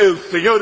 El Señor